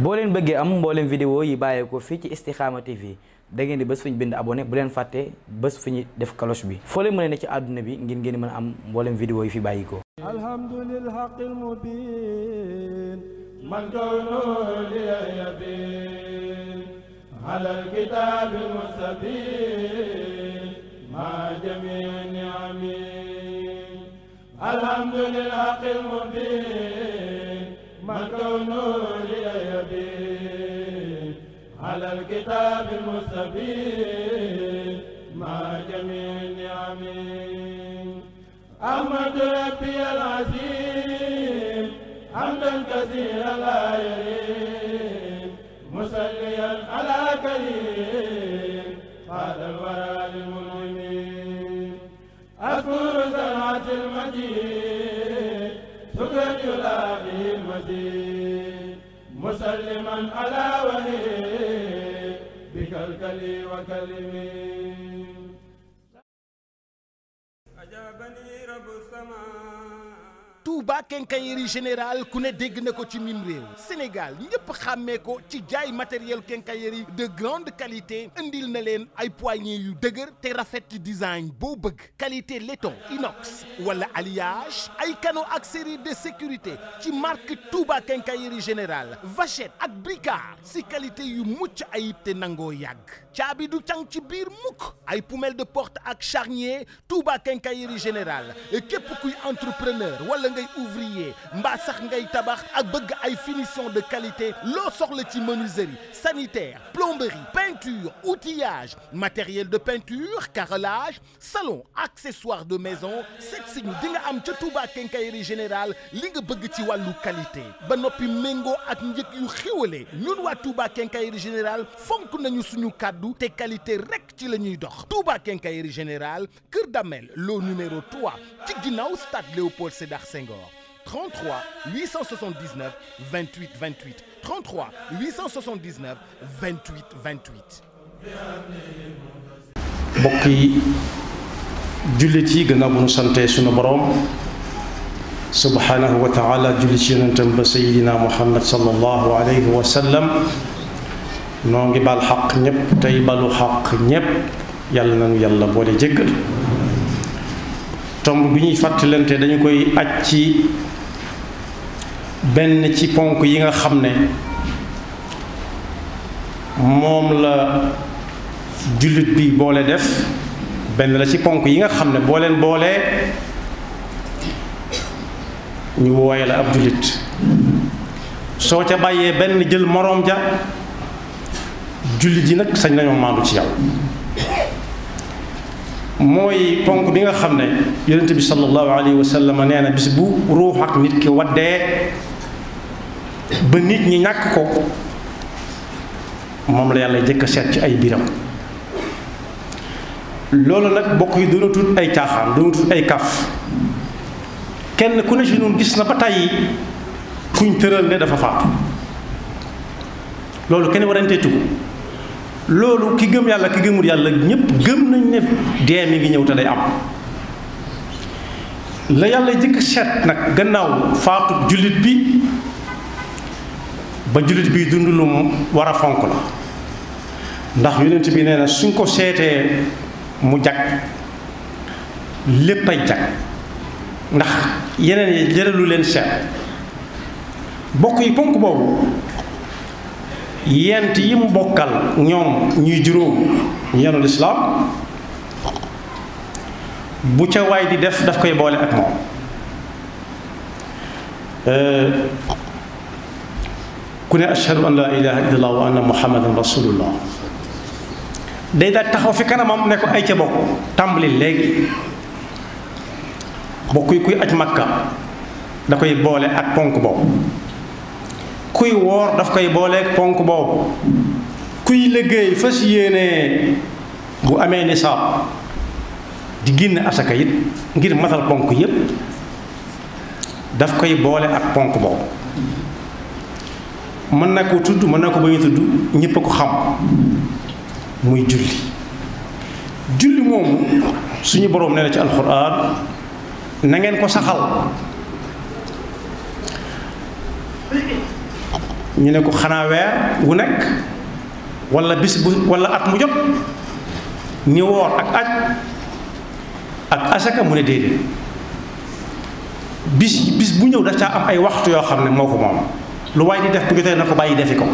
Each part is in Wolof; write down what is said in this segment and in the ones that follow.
boo leen bëggee am mbooleem vidéo yi bàyyeekoo fii ci Istikhama TV dangeen di bés fu ñu bind abonné bu leen fàtte bés fu def cloche bi foo leen ci àdduna bi ngir ngeen mën am mbooleem vidéo yi fi bàyyikoo alhamdulil haqqil mubin man ma jami'i ni'ami الكتاب المستفيد مع جميع النعم أحمد ربي العظيم حمدا كثيرا لا يريم مصليا على كريم هذا الورى للمؤمنين أذكر زرعة المجيد شكرا يلافي المجيد مسلما على وهيم لي وكلمي أجابني رب السماء Touba quincaillerie général ku ne dégg na ko ci mim réew Sénégal ñëpp xàmmee ko ci jaay matériel quincaillerie de grande qualité indil na leen ay poignées yu dëgër te rafet ci design boo bëgg qualité laiton inox wala alliage ay canaux ak série de sécurité ci marque Touba quincaillerie général vachette ak bricard si qualité yu mucc ayib te nangoo yàgg caabi du càng ci biir mukk ay poumelle de porte ak charnier Touba quincaillerie général képp kuy entrepreneur wala ngay ouvrier mbaa sax ngay tabax ak bëgg ay finition de qualité loo soxla ci menuiserie sanitaire plomberie peinture outillage matériel de peinture carrelage salon accessoire de maison seet si ñu di nga am ca Touba Quincaillerie Générale li nga bëgg ci wàllu qualité ba noppi méngoo ak njëg yu xiwale ñun waa Touba Quincaillerie Générale fonk nañu suñu kàddu te qualité rek ci la ñuy dox Touba Quincaillerie Générale Kër Damel loo numéro 3 ci ginnaaw stade Léopold Sédar 33 879 28 28 33 879 28 28. mbokk yi jullit yi gannaaw bu ñu sante sunu boroom subhaanahu wa taala jullit yi yonentam ba sayidina muhammad sallallahu alayhi wa sallam noo ngi baal xaq ñépp tey balu xaq ñépp yàlla nañu yàlla boole jéggal tomb bi ñuy fàttalante dañu koy aj benn ci ponk yi nga xam ne moom la jullit bi boole def benn la ci ponk yi nga xam ne boo leen boolee ñu wooye la ab jullit soo ca bàyyee benn jël moroom ja jullit yi nag sañ nañoo maandu ci yow mooy ponk bi nga xam ne yonent bi sallallahu alayhi wa nee na bis bu ruux ak nit ki waddee ba nit ñi ñàkk ko moom la yàlla jëkk a seet ci ay biram loolu nag bokk yi doonatul ay caaxaan doonatul ay kaf kenn ku ne si ñun gis na ba tàyyi kuñ tëral ne dafa faatu loolu kenn warantee loolu ki gëm yàlla ki gëmul yàlla ñépp gëm nañ ne dee mi ngi ñëw te day am la yàlla jëkk seet nag gannaaw faatu jullit bi ba jullit bi dund lu war a fonk la ndax yonent bi nee na suñ ko seetee mu jag lépp ay jag ndax yeneen yi jëralu leen seet bokk yi ponk boobu yent yi mu bokkal ñoom ñuy juróom yenu lislaam bu ca waay di def daf koy boole ak moom euh, ku ne ashhadu an laa ilaha illallah wa anna muhammadan rasulullah day daal taxaw fi kanamam ne ko ay ca bokk tàmbali léegi bokk yi kuy aj makka da koy boole ak ponk boobu kuy woor daf koy boole ponk boobu kuy liggéey fas yéene bu amee nisaab di génn asaka ngir matal ponk yépp daf koy boole ak ponk boobu mën na koo tudd mën naa ko bañ a tudd ñëpp ko xam muy julli julli moomu suñu boroom nee na ci alxuraan nangeen ko saxal ñu ne ko xanaa weer wu nekk walla bis bu walla at mu jot ñi woor ak aj ak asaka mu ne déedéet bis bis bu ñëw daf caa am ay waxtu yoo xam ne moo ko moom lu waay di def bu jotee na ko bàyyi defi ko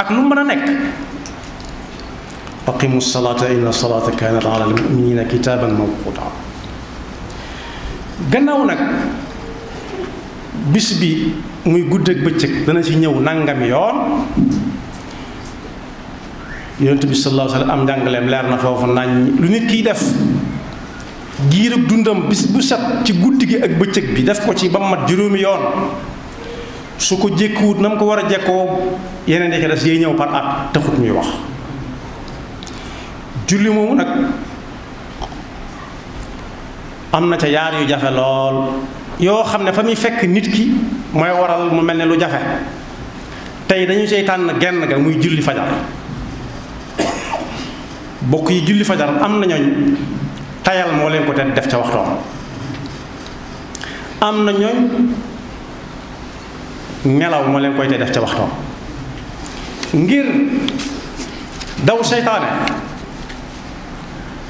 ak lu mën a nekk aqimu salaata inna salaata kaanat ala almuminina kitaaban mawquta gannaaw nag bis bi muy gudd ak bëccëg dana ci ñëw nangam yoon yonent bi sallallahu alayhi am njàngaleem leer na foofu nañ lu nit kiy def giirub dundam bis bu set ci guddi gi ak bëccëg bi def ko ci ba mu mat juróomi yoon su ko jékkuwut na mu ko war a jekkoo yeneen yi des yay ñëw par at taxut muy wax julli moomu nag am na ca yaar yu jafe lool yoo xam ne fa muy fekk nit ki mooy waral mu mel ne lu jafe tey dañu cay genn ga muy julli fajar bokk yi julli fajar am na ñooñ tayal moo leen ko te def ca waxtoom am na ñooñ nelaw moo leen koy def ca waxtoom ngir daw seytaane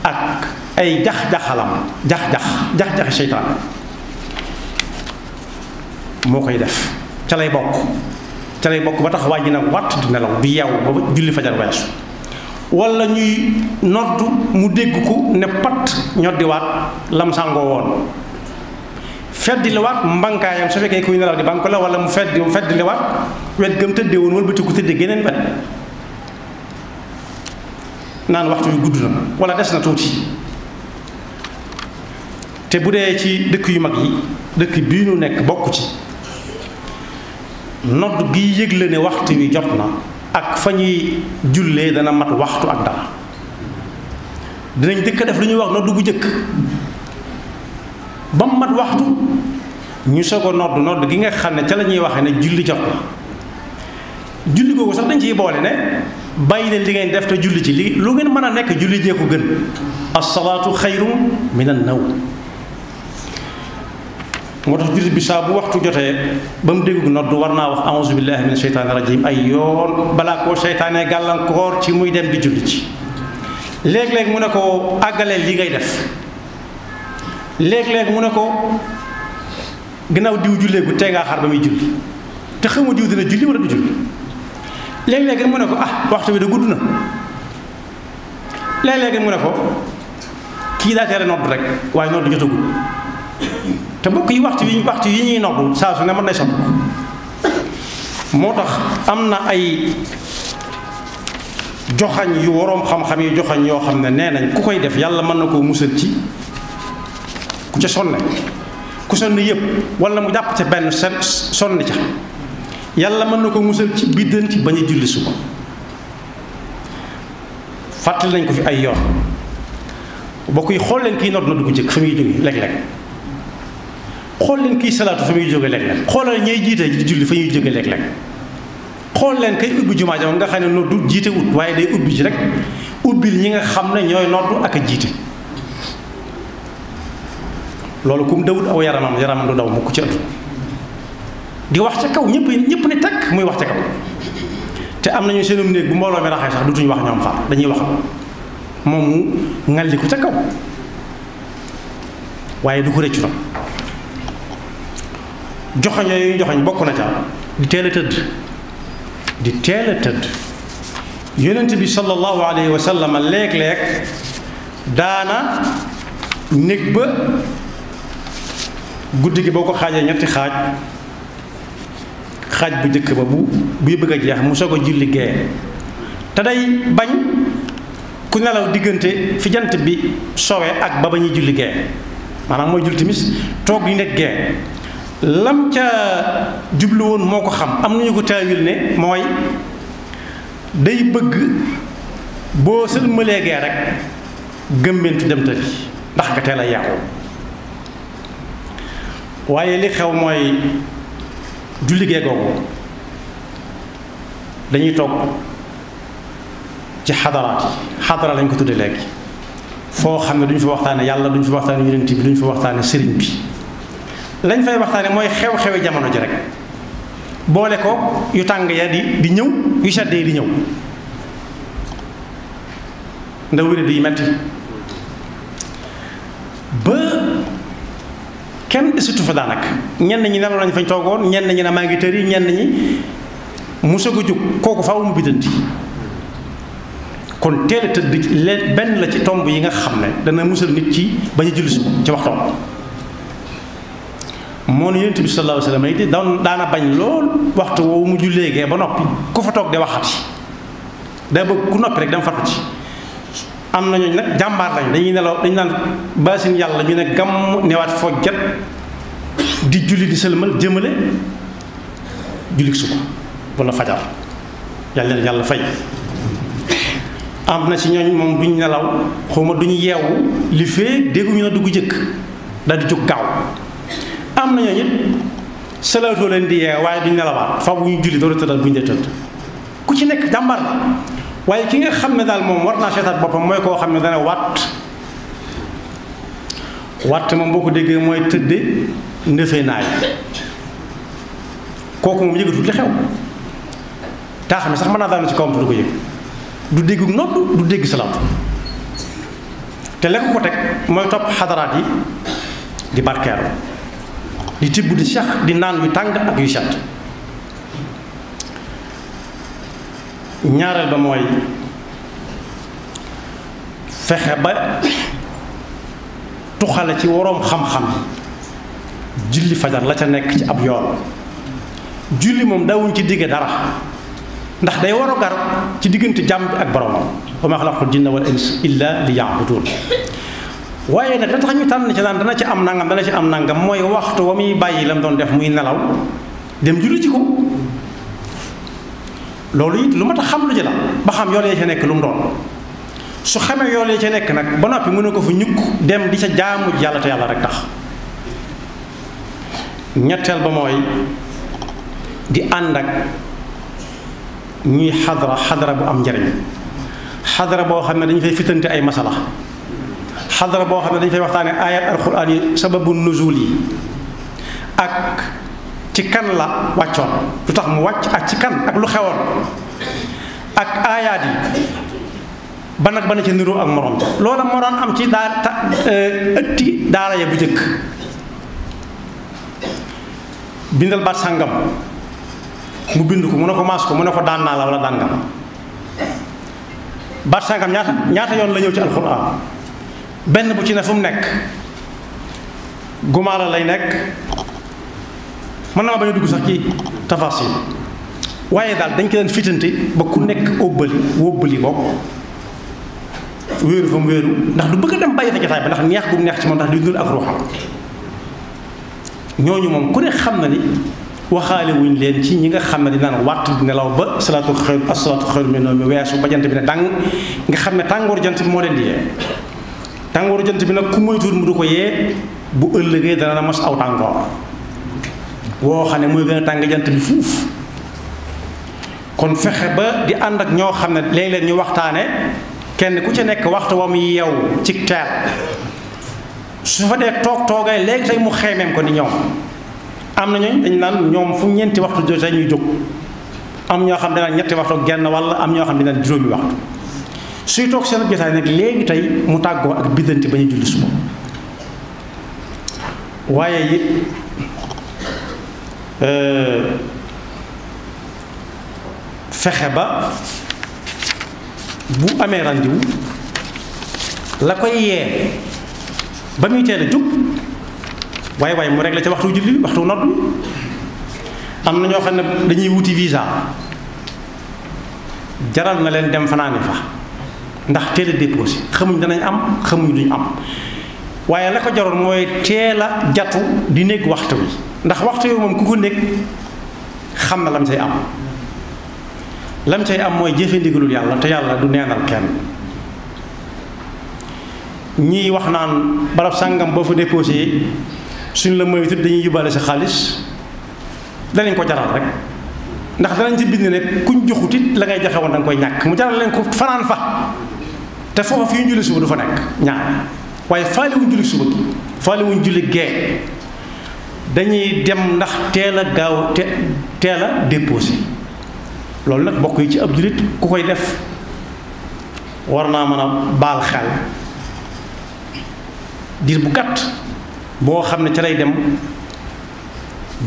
ak ay jax-jaxalam jax-jax jax-jaxi seytaane moo koy def ca lay bokk ca lay bokk ba tax wàññi nag wàtt di nelaw du yeewu ba julli fajar weesu wala ñuy nodd mu dégg ko ne pat ñoddiwaat lam sàngoo woon feddi liwaat mbankaayam su fekkee kuy nelaw di banque la wala mu fedd mu feddi liwaat wet gëm tëddee woon wëlbati ku tëddee geneen wet naan waxtu wi gudd na walla des na tuuti te bu dee ci dëkk yu mag yi dëkk bi nu nekk bokk ci nodd gi yëgle ne waxtu wi jot na ak fa ñuy jullee dana mat waxtu ak dara dinañ dëkk def lu ñuy wax nodd gu jëkk ba mu mat waxtu ñu soog ko nodd nodd ki nga xam ne ca la ñuy waxee ne julli jot na julli googu sax dañ ci boole ne bàyyi leen li ngeen def te julli ci li lu ngeen mën a nekk julli jee ko gën asalaatu xayrum min an naw moo tax jullit bi saa bu waxtu jotee ba mu dégg nodd war naa wax auzu billahi min sheytaani rajim ay yoon balaa koo seytaanee gàllankoor ci muy dem di julli ci léeg-léeg mu ne ko àggaleel li ngay def léeg-léeg mu ne ko gannaaw diw julleegu tey ngaa xaar ba muy julli te xamu diw dina julli wala du julli léeg-léeg mu ne ko ah waxtu bi da gudd na léeg-léeg mu ne ko kii daa teel a nodd rek waaye nodd jotagul te mbokk yi waxtu yi waxtu yi ñuy nodd saa su ne mën nay sopp moo tax am na ay joxañ yu waroom xam-xam yi joxañ yoo xam ne nee nañ ku koy def yàlla mën na koo musal ci ca sonne ku sonn yëpp wala mu jàpp ca benn sen sonn ca yàlla mën na ko musal ci biddanti bañ a julli suba fàttali nañ ko fi ay yoon bokk yi xool leen kii nodd na dugg jëkk fa muy jógee léeg xool leen kii salaatu fa muy jóge léeg-léeg xoolal jiite di fa ñuy jógee léeg-léeg xool leen kay ubbi jumaa jama nga xam ne noddu jiite wut waaye day ubbi ji rek ubbil ñi nga xam ne ñooy noddu ak a jiite loolu kum dawut aw yaramam yaramam du daw mu ku ci ëpp di wax ca kaw ñëpp ñëpp ne tekk muy wax ca kaw te am nañu seenum néeg bu mbooloo mi raxee sax dutuñu wax ñoom far dañuy wax moom mu ŋalliku ca kaw waaye du ko rëccu tam joxoñ bokk na ca di teel a tëdd di teel a tëdd yonent bi sallallahu alayhi wa sallam léeg-léeg daana néeg ba guddi gi boo ko xaajee ñetti xaaj xaaj bu njëkk ba bu buy bëgg a jeex mu soog a julli gee te day bañ ku nelaw diggante fi bi sowee ak ba ba ñuy julli gee maanaam mooy julli timis toog di nekk gee lam ca jublu woon moo ko xam am nañu ko taawil ne mooy day bëgg boo sëlmalee gee rek gëmmentu dem tëdd ndax nga teel a yàqu waaye li xew mooy julli gee googu dañuy toog ci xadaraat yi xadara lañ ko tudde léegi foo xam ne duñ fa waxtaane yàlla duñ fa waxtaane yonent bi duñ fa waxtaane sëriñ bi lañ fay waxtaane mooy xew-xewi jamono ji rek boole ko yu tàng ya di di ñëw yu seddee di ñëw ndaw wéri di metti ba kenn desitu fa daanaka ñenn ñi nelaw nañ fañ toogoon ñenn ñi ne maa ngi tëri ñenn ñi mu soog a jóg kooku faaw mu biddanti kon teel a tëdd benn la ci tomb yi nga xam ne dana musal nit ci bañ a julli suba ci waxtoom moo ne yonent bi sallallahu alayhi wa sallam it daana bañ lool waxtu woo mu julleegee ba noppi ku fa toog de waxati daa bëgg ku noppi rek dama fatu ci am na ñooñu nag jàmbaar lañ dañuy nelaw dañu naan baasin yàlla ñu ne gàmm newaat fojjat di julli di sëlmal jëmale julli suba wala fajar yàlla leen yàlla fay am na ci ñooñ moom duñ nelaw xawma duñ yeewu li fee dégguñu na dugg jëkk daal jóg gaaw am na ñooñu it salaatoo leen di yee waaye duñ nelawaat faw bu ñu julli dooru tëddal buñ dee tëdd ku ci nekk jàmbaar la waaye ki nga xam ne daal moom war naa seetaat boppam mooy koo xam ne dana watt watt moom boo ko déggee mooy tëdde ndëfe naay kooku moom yëgatul li xew taa xam sax mën naa daanu ci kawam du ko yëg du dégg nodd du dégg salaatu te lekk ko teg mooy topp xadaraat yi di barkeeru di tibb di sax di naan yu tàng ak yu set ñaareel ba mooy fexe ba tuxale ci woroom xam-xam julli fajar la ca nekk ci ab yoon julli moom daawuñ ci digge dara ndax day war a ci diggante jàmm ak boromam wa ma xalaqtul jinna wal insa illa li ya'budun waaye nag da tax ñu tànn ci naan dana ci am nangam dana ci am nangam mooy waxtu wa muy bàyyi lam doon def muy nelaw dem julli ci ko loolu it lu ma tax xam lu ji ba xam yool yee ca nekk lu mu doon su xamee yool yee ca nekk nag ba noppi mu ne ko fa ñukk dem di ca jaamu yàlla te yàlla rek tax ñetteel ba mooy di ànd ak ñuy xadara xadara bu am njariñ xadara boo xam ne dañ fay fitante ay masala xadara boo xam ne dañ fay waxtaane ayat alxuraan yi sababu nuzul yi ak ci kan la wàccoon lu tax mu wàcc ak ci kan ak lu xewoon ak aayaat yi ba nag ci niroo ak moroom loola moo daan am ci daa e, ëtti daara ya bu jëkk bindal baat sàngam mu bind ko mu ne ko maas ko mu ne ko daan naa la daan nga baat sàngam ñaata ñaata yoon la ñëw ci alxuraan benn bu ci ne fu mu nekk gumaara lay nekk mën naa bañ a dugg sax ci tafasil waaye daal dañ ko daan fitante ba ku nekk óbbali wóbbali bokk wéeru fa mu wéeru ndax du bëgg a dem bàyyi fa jotaay ba ndax neex bu neex ci moom ndax di dund ak moom ku xam na ni waxaale leen ci ñi nga xam ne dinaan wàtt di nelaw ba salaatu xëy asalaatu xëy mi weesu ba jant bi ne dàng nga xam ne tàngooru jant bi tàngooru jant bi nag ku moytuwul du ko yee bu ëllëgee dana na mos aw tàngoor woo xam ne mooy gën a tàng jant bi fuuf kon fexe ba di ànd ak ñoo xam ne léeg leen ñu waxtaane kenn ku ci nekk waxtu wa mu yeew ci teel su fa dee toog toogay léegi tey mu xeemeem ko ni ñoom am na ñooñ dañ naan ñoom fu ñeenti waxtu jotee ñuy jóg am ñoo xam dinaan ñetti waxtu genn walla am ñoo xam dinaan juróomi waxtu suy toog seen jotaay nag léegi tey mu tàggoo ak biddanti ba ñu julli suba waaye it Euh, fexe ba bu amee rendez la koy yee ba muy teel a jug waaye waaye mu la ca waxtu julli waxtu nodd am na ñoo xam ne dañuy wuti visa jaral na leen dem fanaane fa ndax teel a déposé xamuñ danañ am xamuñ duñ am waaye la ko jaroon mooy teel a jatu di nekk waxtu wi ndax waxtu yooyu moom ku ko nekk xam na lam say am lam say am mooy jëfe ndigalul yàlla te yàlla du neenal kenn ñii wax naan barab sàngam boo fa déposé suñ la moytu dañuy yóbbaale sa xaalis danañ ko jaral rek ndax danañ ci bind ne kuñ joxutit la ngay joxe woon da koy ñàkk mu jaral leen ko fanaan fa te foofa fi ñu julli suba du fa nekk ñaar waaye faale wuñ julli suba faale wuñ julli gee dañuy dem ndax teela gaaw te teel a déposé loolu nag bokk yi ci ab jullit ku koy def war naa mën a baal xel diir bu gàtt boo xam ne ca lay dem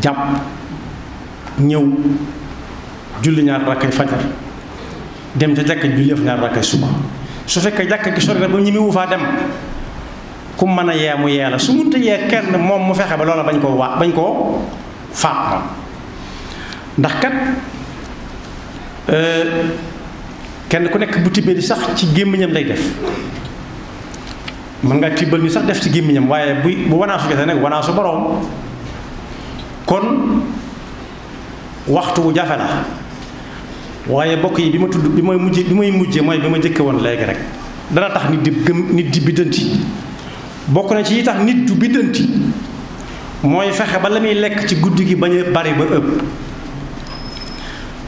jàpp ñëw julli ñaar rakkay fajar dem ca jàkka julli fa ñaar rakkay suba su fekkee jàkk gi sori na ba ñi mu wu dem ku mën a yee mu yee la su mu yee kenn moom mu fexe ba loola bañ koo waa bañ koo faat moom ndax kat euh, kenn ku nekk bu tibbee di sax ci gémmiñam lay def mën nga tibbal ni sax def ci gémmiñam waaye bu bu wanaasu jotee nag wanaasu kon waxtu wu jafe la waaye bokk yi bi ma tudd bi may mujj bi may mujje mooy bi ma jëkke woon léegi rek dana tax nit di gëm nit di biddanti bokk na ci yi tax nit du biddanti mooy fexe ba la muy lekk ci guddi gi bañ a bari ba ëpp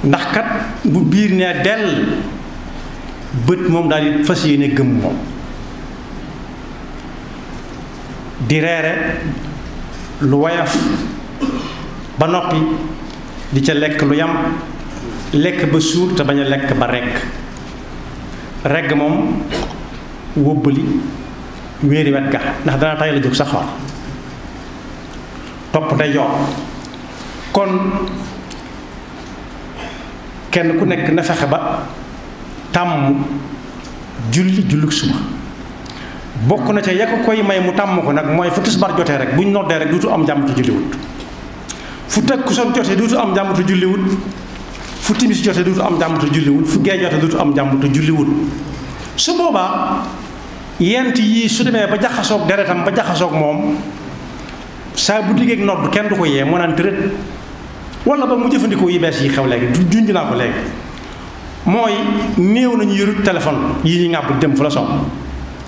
ndax kat bu biir ne dell bët moom daal di fas yéene gëm moom di reere lu woyof ba noppi di ca lekk lu yam lekk ba suur te bañ a lekk ba regg regg moom wóbbali wéeri wet ga ndax dana tay la jóg sa xool topp day yoon kon kenn ku nekk na fexe ba tàmm julli jullug suma bokk na ca yekk koy may mu tàmm ko nag mooy fu tisbar jotee rek bu ñu noddee rek tu am jàmbatu julliwut fu takkusaan jotee duutu am jàmbatu julliwut fu timis jotee duutu am jàmbatu julliwut fu gee jotee duutu am jàmbatu julliwut su boobaa yent yii su demee ba jaxasoog deretam ba jaxasoog moom saa bu diggeeg nodd kenn du ko yee moo naan tërët wala ba mu jëfandikoo yi bees yi xew léegi juñ junj naa ko léegi mooy néew nañu yorut téléphone yi ñu ŋàbb dem fu la soog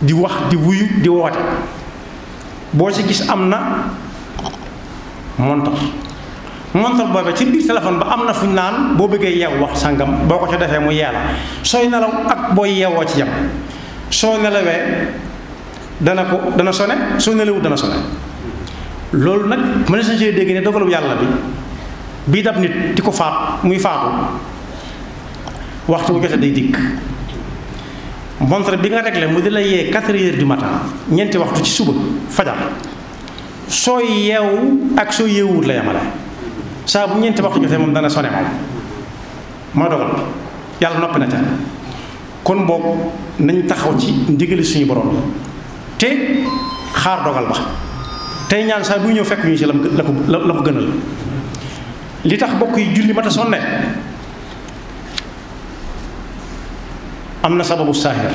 di wax di wuyu di woote boo ci gis am na montar montar boobee ci biir téléphone ba am na fu ñu naan boo bëggee yeew wax sàngam boo ko ca defee mu yee la sooy nelaw ak booy yeewoo ci yam soo nelawee dana ko dana sone soo nelawut dana sone loolu nag mën na cee dégg ne dogalu yàlla bi bii dab nit di ko faat muy faatu waxtu bu jotee day dikk montre bi nga réglé mu di la yee quatre heures du matin ñeenti waxtu ci suba fajar soo yeewu ak soo yeewuut la yamale saa bu ñeenti waxtu jotee moom dana sone moom moo dogal yàlla noppi na ca kon boog nañ taxaw ci ndigali suñu borom la te xaar dogal ba tey ñaan saa buy ñëw fekk ñu ci la ko la ko gënal li tax bokk yi julli mata sonne am na sababu saahir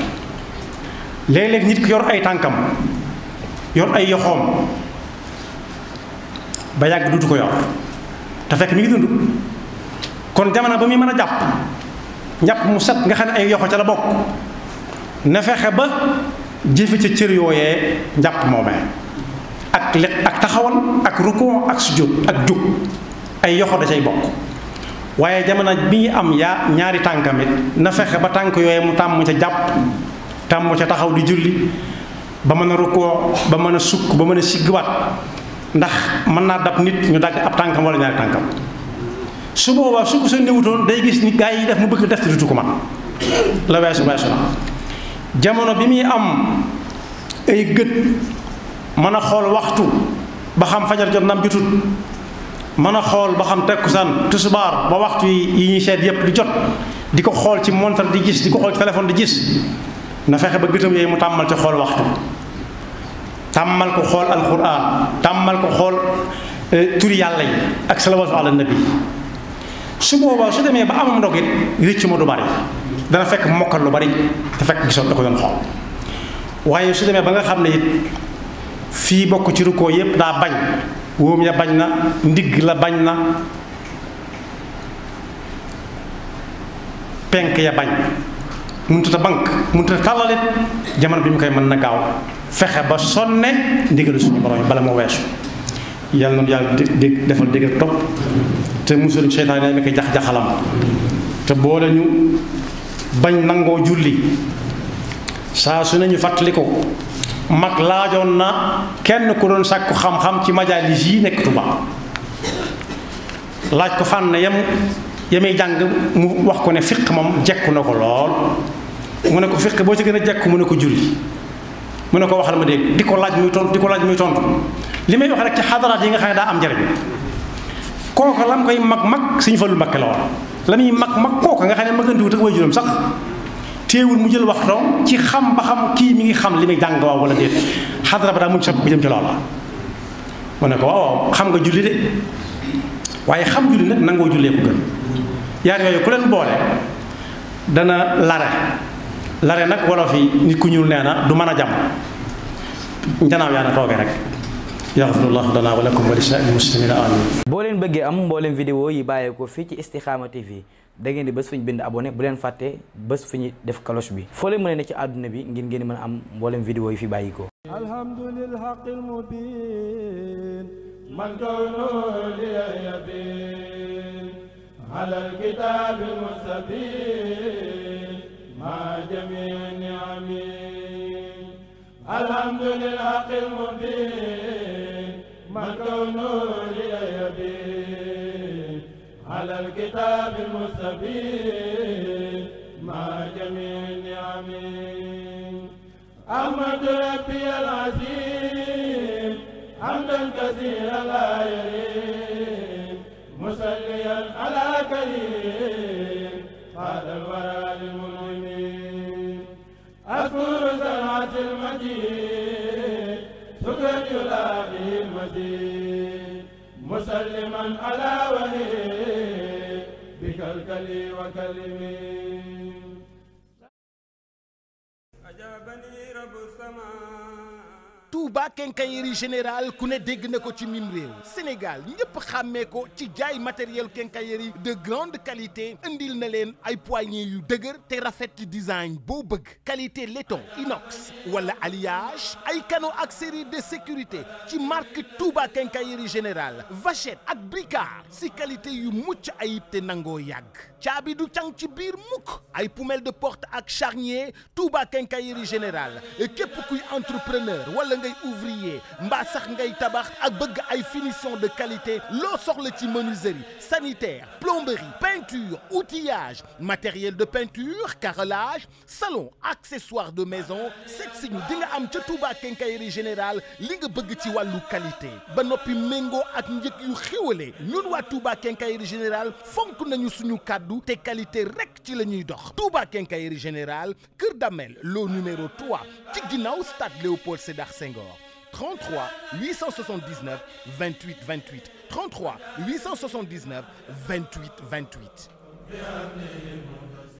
léeg-léeg nit ki yor ay tànkam yor ay yoxoom ba yàgg dutu ko yor te fekk mi ngi dund kon jamono ba muy mën a jàpp njàpp mu set nga xam ne ay yoxo ca la bokk na fexe ba jëfe ca cër yooyee njàpp moomee ak le ak taxawal ak rukon ak sujud ak jug ay yoxo da cay bokk waaye jamono bi ñu am yaa ñaari tànkamit it na fexe ba tànk yooyee mu tàmm ca jàpp tàmm ca taxaw di julli ba mën a rukoo ba mën a sukk ba mën a siggiwaat ndax mën naa dab nit ñu dagg ab tànkam wala ñaari tànkam su boobaa su ko sa néewutoon day gis ni gaa yi def mu bëgg def ci dutu ko man la weesu weesu na jamono bi muy am ay gët mën a xool waxtu ba xam fajar jot nam jotut mën a xool ba xam tekkusaan tusubaar ba waxtu yi ñuy seet yépp di jot di ko xool ci montar di gis di ko xool ci téléphone di gis na fexe ba gëtam yooyu mu tàmmal ci xool waxtu tàmmal ko xool alquran tàmmal ko xool eh, turi yàlla yi ak salawaatu ala nabi su boobaa su demee ba amam ndog it ma du bari dana fekk mokkat lu bari te fekk gisoon da ko doon xool waaye su demee ba nga xam ne it fii bokk ci rukkoo yépp daa bañ wóom ya bañ na ndigg la bañ na penk ya bañ mënut a bank mënut a tàllalit jamono bi mu koy mën na gaaw fexe ba sonne ndigalu suñu borom bala moo weesu yàlla na yàlla dé defal dégg topp te musul seytaane ak jax-jaxalam te boole ñu bañ nangoo julli saa su nañu fàttali ko mag laajoon na kenn ku doon sàkku xam-xam ci majaalis yi nekk Tuba laaj ko fànn yam yamay jàng mu wax ko ne fiq moom jekku na ko lool mu ne ko fiq boo ci gën a jekku mu ne ko julli mu ne ko waxal ma dégg di ko laaj muy tontu di ko laaj muy tontu li may wax rek ci xadaraat yi nga xam ne daa am jariñ kooka lam koy mag mag sëñ Fallu Mbakke la woon la muy mag mag kooka nga xam ne magantiwut ak waajuram sax téewul mu jël waxtoom ci xam ba xam kii mi ngi xam li muy jàng waaw wala déet xadara ba daa mujj soppi bu jëm ci loola ko waaw xam nga de waaye xam julli nag nangoo jullee ko gën yaar yooyu ku leen boole dana lare lare nag wolof yi nit ku ñuul nee na du mën a jàmm njanaaw yaa na toogee rek yaxfirullahu lana wa lakum wa li saa'iril muslimiina amiin bëggee am mbooleem vidéo yi bàyyeekoo fii ci Istikhama TV da ngeen di bés fu ñu bind abonné bu leen fàtte bés fu ñu def cloche bi foo leen mën a ne ci àdduna bi ngir ngeen mën am mbooleem vidéo yi fi bàyyikoo alhamdulillahil mubiin man kawnu li maa jamii ni'amiin ما كونه ليبي على الكتاب المستفيد مع جميع النعم أحمد ربي العظيم حمدا كثيرا لا يريم مسليا على كريم قال الورى للمؤمنين أذكر سرعة المجيد زجاج الآبي المزيد مسلما على وهي بك الكلي وكلمي أجابني رب السماء Touba quincaillerie générale ku ne dégg na ko ci mim réew Sénégal ñëpp xàmmee ko ci jaay matériel quincaillerie de grande qualité indil na leen ay poignées yu dëgër te rafet design boo bëgg qualité laiton inox wala alliage ay canaux ak série de sécurité ci marque Touba quincaillerie général vachette ak bricard si qualité yu mucc ayib te nangoo yàgg. caabi du càng ci biir mukk ay poubelle de porte ak charnier Touba Quincaillerie Générale képp kuy entrepreneur wala ngay ouvrier mbaa sax ngay tabax ak bëgg ay finition de qualité loo soxla ci menuiserie sanitaire plomberie peinture outillage matériel de peinture carrelage salon accessoire de maison seet si ñu di nga am ca Touba Quincaillerie général li nga bëgg ci wàllu qualité ba noppi méngoo ak njëg yu xiwale ñun waa Touba Quincaillerie Générale fonk nañu suñu kàddu jàddu te qualité rek ci la ñuy dox Touba Quincaillerie Générale Kër Damel lot numéro 3 ci ginnaaw stade Léopold Sédar Senghor 33 879 28 28 33 879 28 28